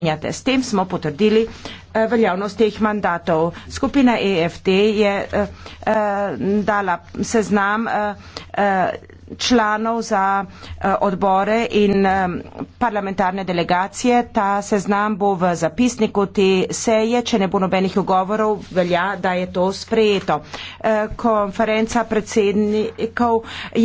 strinjate. S tem smo potrdili eh, veljavnost teh mandatov. Skupina EFT je eh, eh, dala seznam članov za odbore in parlamentarne delegacije. Ta seznam bo v zapisniku te seje, če ne bo nobenih ogovorov, velja, da je to sprejeto. Konferenca predsednikov